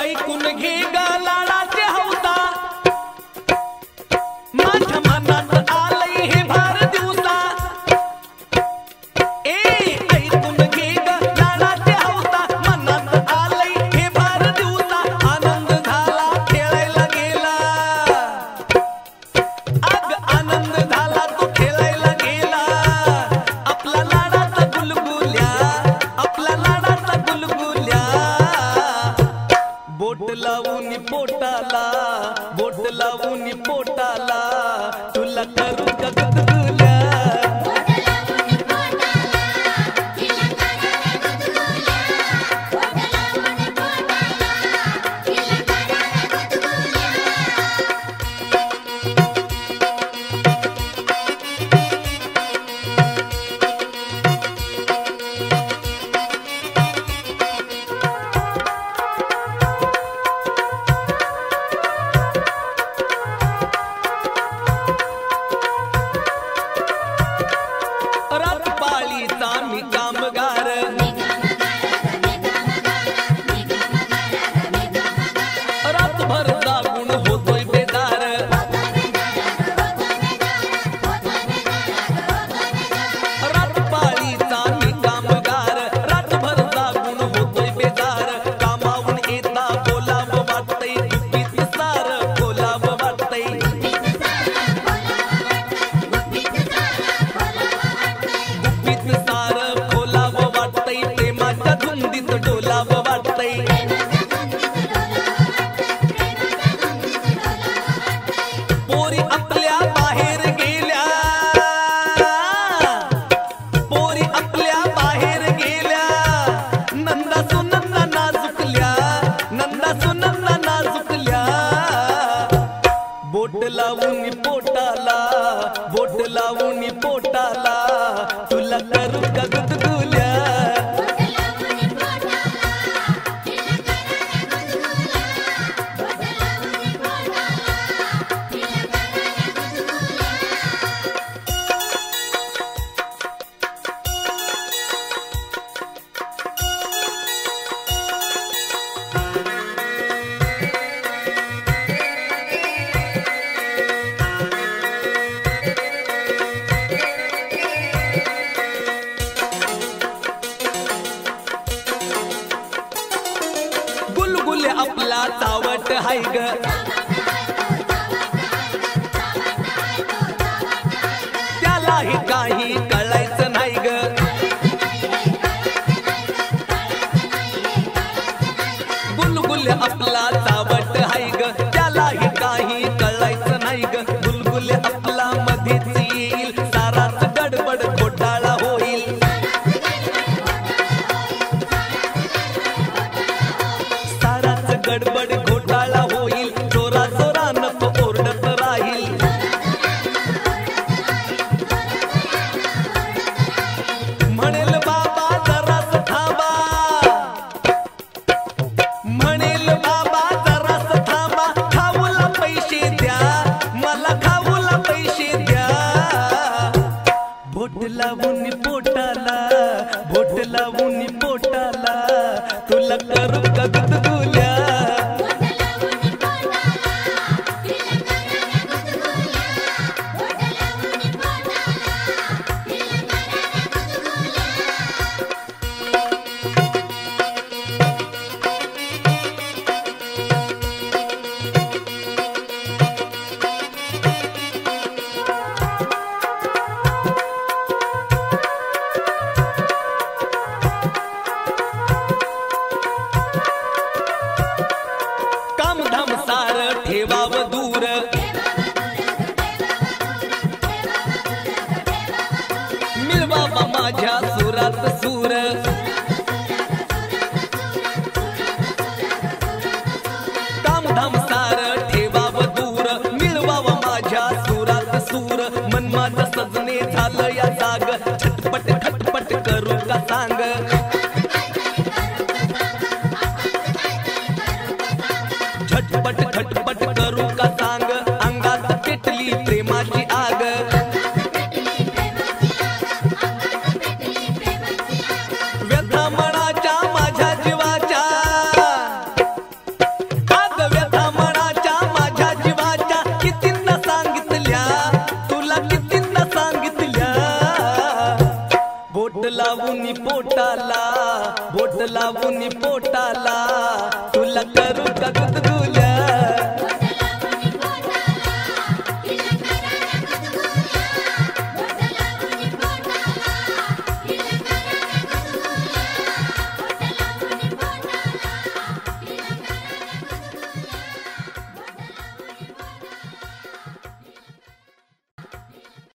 बाई कुन गाला बोलावून पोट बोट लावून पोटाला बोट लावून पोटाला हाय ग त्यालाही काही कळायचं नाही ग बुलबुल आपला चावट हाय ग त्यालाही काही कळायचं नाही ग बुलबुल आपला मध्येच येईल साराच गडबड घोटाळा होईल गडबड माझं सजने झालं या जाग झटपट खटपट करू का सांग पोटाला तुला करू का